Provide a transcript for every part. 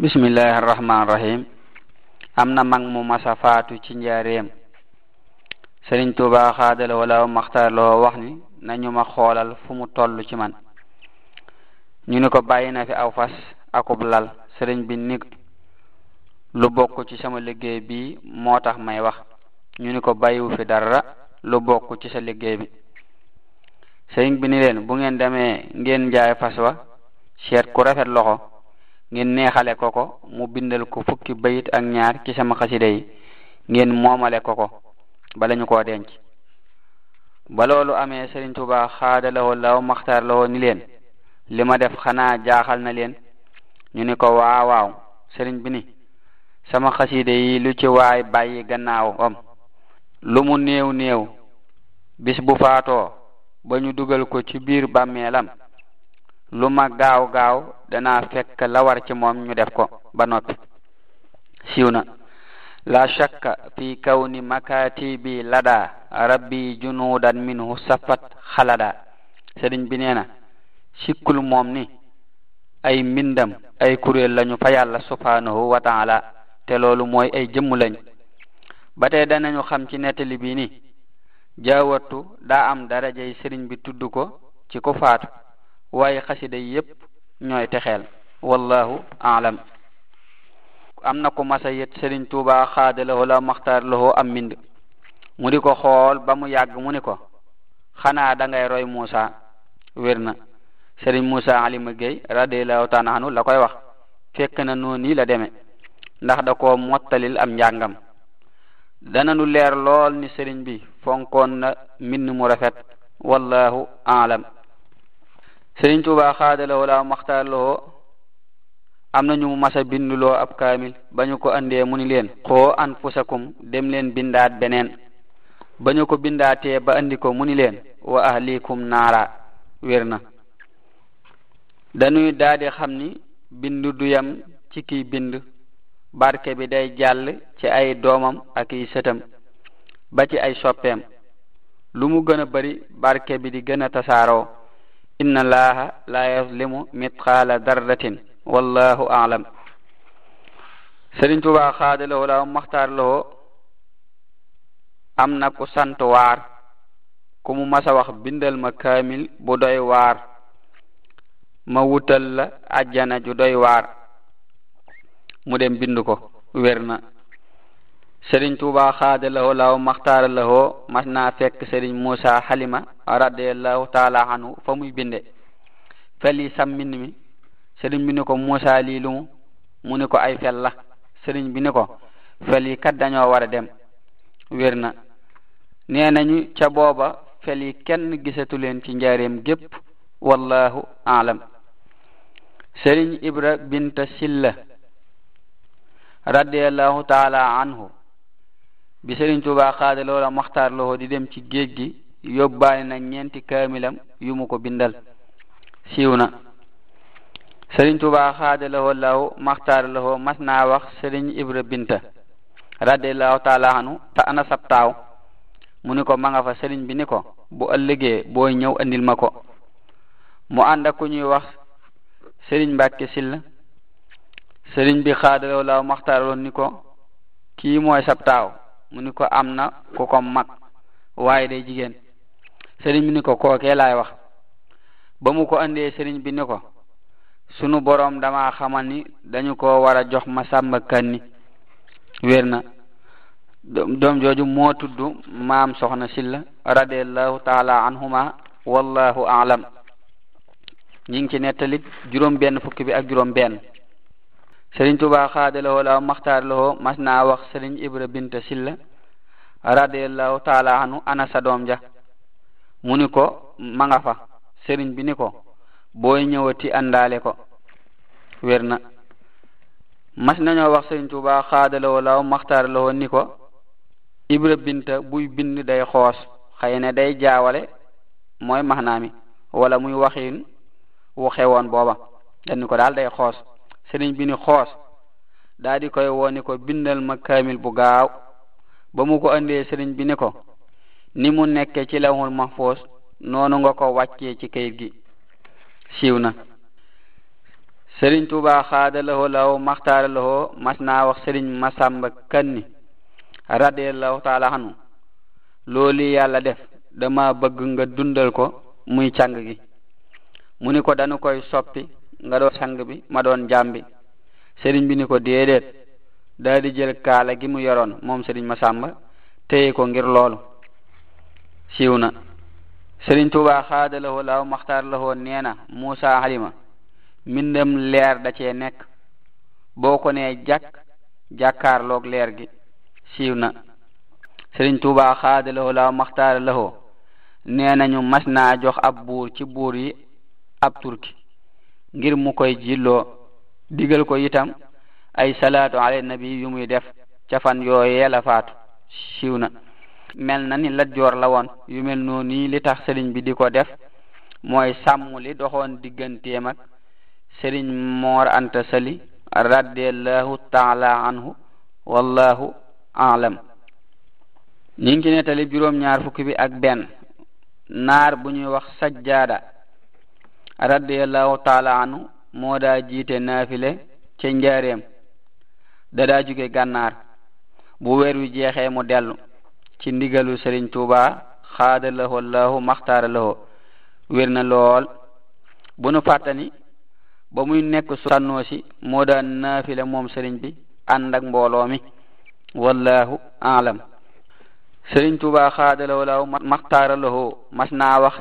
bismillahi arrahmanirrahim am na mag mu masa faatu ci njaareem sëriñ tuuba xaadala wala maxtaar loo wax ni nañu ma xoolal fu mu toll ci man ñu ni ko bàyyi na fi aw fas akub lal sëriñ bi ni lu bokk ci sama liggéey bi moo tax may wax ñu ni ko bàyyiwu fi dara lu bokk ci sa liggéey bi sëriñ bi ni leen bu ngeen demee ngeen jaay fas wa seet ku rafet loxo ngeen neexale ko ko mu bindal ko fukki bayit ak ñaar ci sama xasida yi ngeen moomale ko ko bala ñu koo denc ba loolu amee Sëriñ Tuubaa xaada lawoo law maxtaar lawoo ni leen li ma def xanaa jaaxal na leen ñu ni ko waawaaw sëriñ bi ni sama xasida yi lu ci waay bàyyi gannaaw am lu mu néew néew bis bu faatoo ba ñu dugal ko ci biir bàmmeelam lu ma gaaw gaaw danaa fekk la ci moom ñu def ko ba noppi siiw na la shakka fi kawni bi lada rabbi junuudan minhu sapat xalada sëriñ bi nee na sikkul moom ni ay mbindam ay kuréel lañu fa yàlla subhanahu wa te loolu mooy ay jëmm lañ ba tey danañu xam ci nettali bi ni jaawattu daa am darajey sëriñ bi tudd ko ci ko faatu waaye xasida yi yépp ñooy texeel wallahu alam am na ku masa yet Sëriñ Tuuba xaadalawoo la maxtaar lawoo am mbind mu di ko xool ba mu yàgg mu ni ko xanaa dangay roy Muusa wér na Sëriñ Muusa Alima Gueye radiallahu taala anhu la koy wax fekk na noonu nii la deme ndax da ko mottalil am njàngam dana nu leer lool ni sëriñ bi fonkoon na mbind mu rafet wallahu alam Sëriñ Tuubaa xaadalawoo laa maxtaarlawoo am na ñu mu masa binduloo ab kaamil ba ñu ko andee mu ni leen xoo anfusakum dem leen bindaat beneen ba ñu ko bindaatee ba andi ko mu ni leen wa ahlikum naara wér na dañuy daldi xam ni bind du yam ci kiy bind barke bi day jàll ci ay doomam ak i sëtam ba ci ay soppeem lu mu gën a bari barke bi di gën a tasaaroo إن الله لا يظلم مثقال ذرة والله أعلم Sëriñ Tuubaa xaada la wala maxtaar la am na ku sant waar ku mu masa wax bindal ma kaamil bu doy waar ma wutal la ajjana ju doy waar mu dem bind ko wér na Sëriñ Tuubaa xaada la wala maxtaar la mas naa fekk Sëriñ Muusa Halima radi allahu taala anu fa muy binde feli sammin mi serigne bi ni ko moussa li lu mu ni ko ay fel la serigne bi ni ko feli kat dañoo war a dem wérna nee nañu ca booba feli kenn gisatuleen ci njaareem gépp wallahu alam serigne ibra binta silla radi allahu taala anhu bi serigne touba xaade loola moxtaar loo di dem ci géej gi yóbbaale na ñeenti kaamilam yu mu ko bindal siiw na sëriñ Tuubaa xaadalawoo law maxtaar mas naa wax sëriñ Ibra Binta radiallahu taala anu te ana sab mu ni ko ma nga fa sëriñ bi ni ko bu ëllëgee booy ñëw indil ma ko mu ànd ak ku ñuy wax sëriñ Mbàkke Silla sëriñ bi xaadalawoo law maxtaaraloo ni ko kii mooy sab mu ni ko am na ku ko mag waaye day jigéen sëriñ bi ni ko kookee laay wax ba mu ko andee sëriñ bi ni sunu borom dama xamal ni dañu koo war a jox ma sàmm kan ni wér na doom jooju moo tudd maam soxna si la radiallahu taala anhuma wallahu aalam ñi ngi ci nettalit juróom benn fukk bi ak juróom benn sëriñ tuba xaadalaho law maxtaar laho mas naa wax sëriñ ibra bint silla radiallahu taala anu anasa doom ja ja mu ni ko ma nga fa sëriñ bi ni ko booy ñëwa ti àndaale ko wér na mas nañoo wax sëriñ tuuba xaadalawo law maxtaarlawo ni ko ibra binta buy bind day xoos xëy ne day jaawale mooy maxnaami wala muy waxin wu xewoon booba dani ko daal day xoos sëriñ bi ni xoos daa di koy woo ni ko bindal ma kaamil bu gaaw ba mu ko andee sëriñ bi ni ko ni mu nekke ci lawhul mahfuz noonu nga ko wàccee ci kayit gi siiw na sëriñ tuuba xaadalawoo law maxtaaralawoo mas naa wax sëriñ masamba kan ni radiallahu taala anu loolu yàlla def dama bëgg nga dundal ko muy càng gi mu ni ko dañu koy soppi nga doon sang bi ma doon jàmbi sëriñ bi ni ko déedéet daa jël kaala gi mu yoroon moom sëriñ masamba teye ko ngir loolu siiw na Sëriñ Tuubaa xaada lahoo laaw maxtaar lahoo nee na Muusa Halima mbindam leer da ce nekk boo ko nee jàkk jàkkaarloog leer gi siiw na Sëriñ Tuubaa xaada lahoo laaw maxtaar lahoo nee nañu mas naa jox ab buur ci buur yi ab turki ngir mu koy jilloo digal ko itam ay salaatu nabi yu muy def cafan fan yooyee faatu siiw na mel na ni lajjoor la woon yu mel noonu li tax sëriñ bi di ko def mooy sàmm li doxoon digganteem ak sëriñ moor anta sali radiallahu taala anhu wallahu alam ni ngi ci nettali juróom ñaar fukki bi ak benn naar bu ñuy wax sajjaada radiallahu taala anhu moo daa jiite naafile ca njaareem da daa jóge gànnaar bu weer wi jeexee mu dellu ci ndigalu Sëriñ Tuuba xaada lahoo lahu maxtaara lahoo wér na lool bu nu fàttani ba muy nekk sànnoosi moo daan naafila moom sëriñ bi ànd ak mbooloo mi wallahu alam sëriñ Tuuba xaada lahoo lahu maxtaara lahoo mas naa wax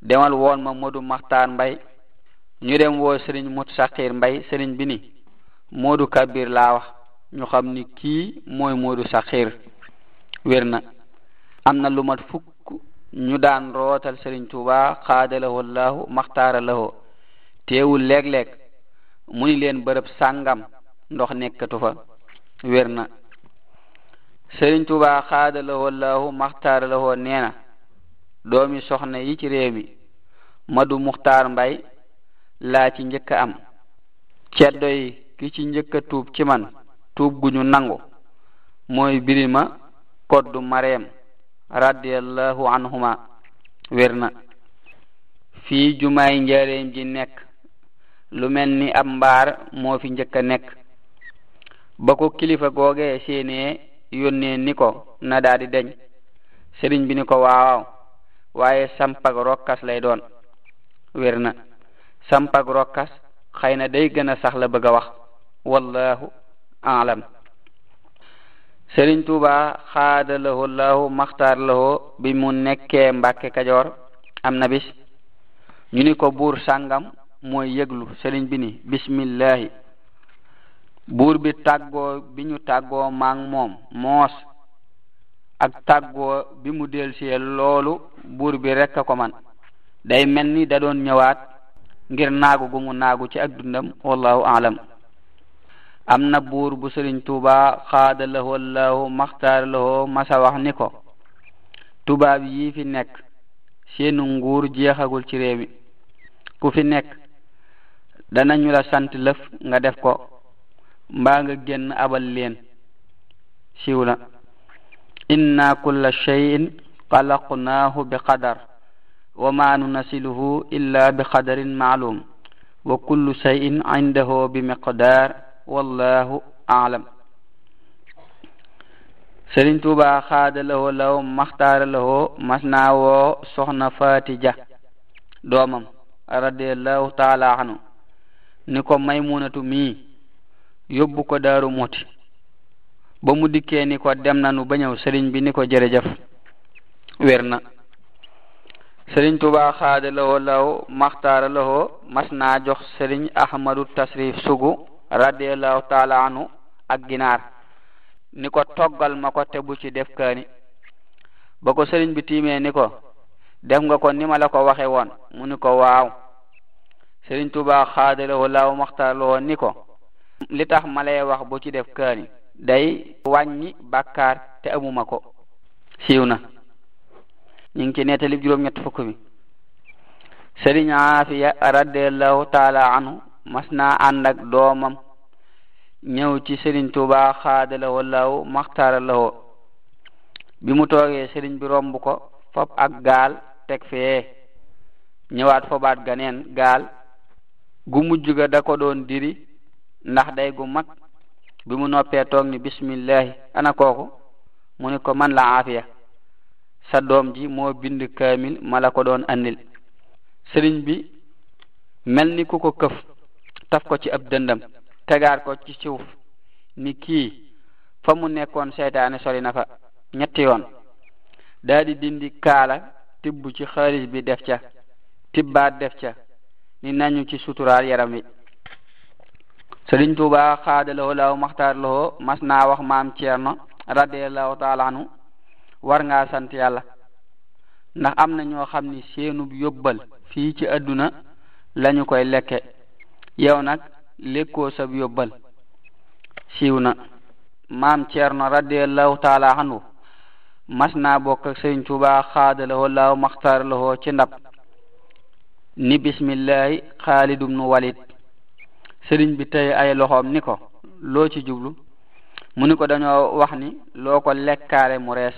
demal woon ma Moodu Maxtaar Mbay ñu dem woo sëriñ Mut Saxiir Mbay sëriñ bi ni Moodu Kabir laa wax ñu xam ni kii mooy Moodu Saxiir wér na am na lu mat fukk ñu daan rootal Sëriñ Tuuba xaadalahu allahu maxtaara lahu teewul léeg-léeg mu ni leen bërëb sàngam ndox nekkatu fa wér na Sëriñ Tuuba xaadalahu allahu maxtaara lahu nee na doomi soxna yi ci réew mi madu muxtaar mbay laa ci njëkk am ceddo yi ki ci njëkk a tuub ci man tuub gu ñu nangu mooy birima koddu mareem radiallahu anhuma wér na fii jumaay ji nekk lu mel ni ab mbaar moo fi njëkk nekk ba ko kilifa googee séenee yónnee ni ko na daa deñ sëriñ bi ni ko waawaaw waaye sampag rokkas lay doon wér na rokkas xëy na day gën saxla sax bëgg a wax wallahu alam Sëriñ Tuuba xaada lahoo lahu lahoo bi mu nekkee Mbàkke Kajoor am na bis ñu ni ko buur sàngam mooy yëglu sëriñ bi ni bismillahi buur bi tàggoo bi ñu tàggoo maag moom moos ak tàggoo bi mu delsee loolu buur bi rekk a ko man day mel ni da doon ñëwaat ngir naagu gu mu naagu ci ak dundam wallahu alam امنا بور بو سيرن توبا خاد له الله مختار له ما سا wax ni ko tubaab yi fi nekk seenu nguur jeexagul ci réew mi ku fi nekk danañu la sant nga def ko mba nga génn abal len siwla inna kull shayin qalaqnahu bi qadar wa ma nunasiluhu illa bi qadarin maalum wa kull shayin indahu bi miqdar wallahu aalam Sëriñ Tuuba xaada lahoo law maxtaara lahoo mas naa woo soxna Fatija doomam radiallahu taala anhu ni ko maymunatu yóbbu ko daaru moti ba mu dikkee ni ko dem nanu ba ñëw sëriñ bi ni ko jërëjëf wér na sëriñ Tuuba xaada lahoo law maxtaara lahoo mas jox sëriñ Ahmadu Tasrif Sugu radiallahu taala anhu ak ginaar ni ko toggal ma ko te bu ci def kaani ba ko sëriñ bi tiimee ni ko def nga ko ni ma la ko waxe woon mu ni ko waaw sëriñ tuba xaadalawo laaw maxtaarloo ni ko li tax ma lay wax bu ci def kaani day wàññi bàkkaar te amuma ko siiw na ñu ngi ci nettali juróom ñett fukk bi sëriñ aafiya radiallahu taala anhu mas na ànd ak doomam ñëw ci sëriñ Tuuba xaadala wallahu maxtaara lahoo bi mu toogee sëriñ bi romb ko fop ak gaal teg fee ñëwaat fobaat ganeen gaal gu mujj ga da ko doon diri ndax day gu mag bi mu noppee toog ni bismillahi ana kooku mu ni ko man la afiya sa doom ji moo bind kaamil ma ko doon andil sëriñ bi mel ni ku ko këf taf ko ci ab dëndam tegaat ko ci suuf ni kii fa mu nekkoon seytaane sori na fa ñetti yoon daa di dindi kaala tibb ci xaalis bi def ca tibbaat def ca ni nañu ci suturaal yaram wi Sëriñ Tuubaa xaadalawoo law maxtaar lawoo mas naa wax maam Ceerno radiallahu taala anhu war ngaa sant yàlla ndax am na ñoo xam ni seenub yóbbal fii ci adduna lañu koy lekke yow nag lekkoo sab yóbbal siiw na maam Ceerno radiallahu taala anhu mas naa bokk ak Sëriñ Tuubaa xaadalawoo laaw maxtaaralawoo ci ndab ni bismillahi Xaalid ibnu Walid sëriñ bi tey ay loxoom ni ko loo ci jublu mu ni ko dañoo wax ni loo ko lekkaale mu rees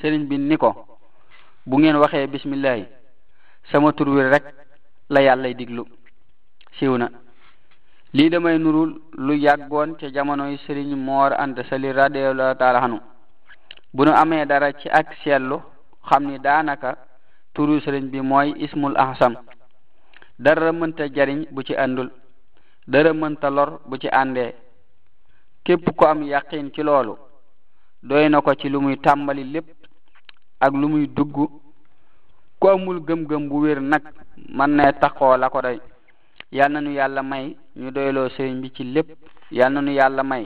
sëriñ bi ni ko bu ngeen waxee bismillahi sama tur wi rek la yàllay diglu siiw na lii damay nurul lu yàggoon ca jamono sëriñ moor anta sali radiallahu taala anu bu nu amee dara ci ak seetlu xam ni daanaka turu sëriñ bi mooy ismul ahsam dara mënta jariñ bu ci àndul dara mënta lor bu ci àndee képp ku am yaqin ci loolu doy na ko ci lu muy tàmbali lépp ak lu muy dugg ku amul gëm-gëm bu wér nag mën ne taxoo la ko doy yal na nu yàlla may ñu doyloo sëriñ bi ci lépp yal na nu yàlla may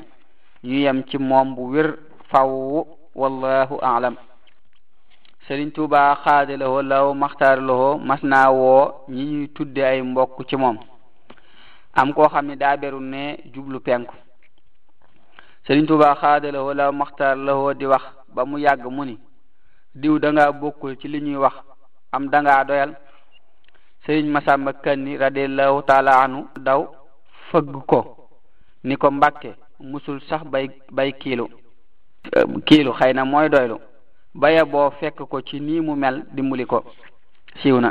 ñu yem ci moom bu wér faww wallahu aalam sëriñ tuuba xaade lahoo law maxtaar lahoo mas naa woo ñi ñuy tudde ay mbokk ci moom am koo xam ne daa ne jublu penku sëriñ tuuba xaade lahoo law di wax ba mu yàgg mu ni diw da nga ci li ñuy wax am da doyal sëriñ Masamba Kanni radiallahu taala daw fëgg ko ni ko mbàkke musul sax bay bay kiilu euh, kiilu xëy na mooy doylu baya boo fekk ko ci nii mu mel dimbali ko siiw na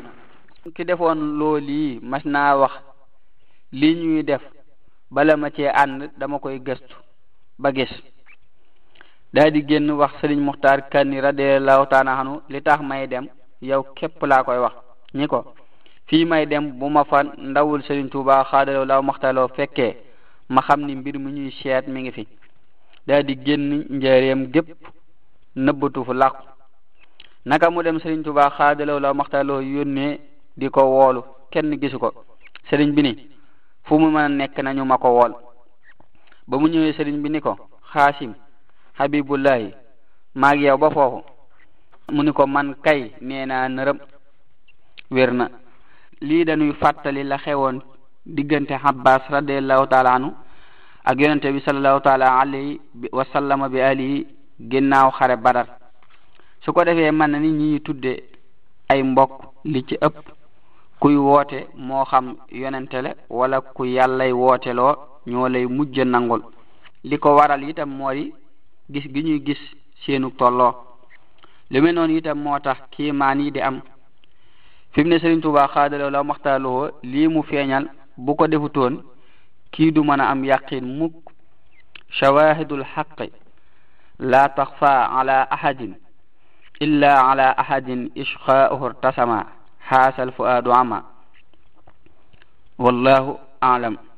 ki defoon loolu yi mas naa wax lii ñuy def bala ma cee ànd dama koy gëstu ba gis daa di génn wax sëriñ Muxtaar Kanni radiallahu taala anu li tax may dem yow képp laa koy wax ñi ko fii may dem bu ma fa ndawul Sëriñ Tuuba xaadaloo law maxtaloo fekkee ma xam ni mbir mu ñuy seet mi ngi fi daa di génn njëreem gépp nëbbatu fu làqu naka mu dem Sëriñ Tuuba xaadaloo law maxtaloo yónnee di ko woolu kenn gisu ko sëriñ bi ni fu mu mën nekk nañu ma ko wool ba mu ñëwee sëriñ bi ni ko xaasim habibullahi maag yow ba foofu mu ni ko man kay nee naa nërëm wér na lii danuy fàttali la xewoon diggante habbas radiallahu taala anu ak yonente bi salallahu taala alayhi wa sallama bi alii ginnaaw xare badar su ko defee mën na nit ñi ñu tudde ay mbokk li ci ëpp kuy woote moo xam yonente la wala ku yàllay wooteloo ñoo lay mujj nangul li ko waral itam mooy gis gi ñuy gis seenug tolloo lu mel noonu itam moo tax kiimaan yi di am fi ne Serigne Touba khadalo la maxtaaloo lii mu feeñal bu ko defutoon ki du mën am yaqin muk shawahidul haqq la taxfa ala ahadin illa ala ahadin ishqaahu irtasama xaasal fuaadu ama wallahu alam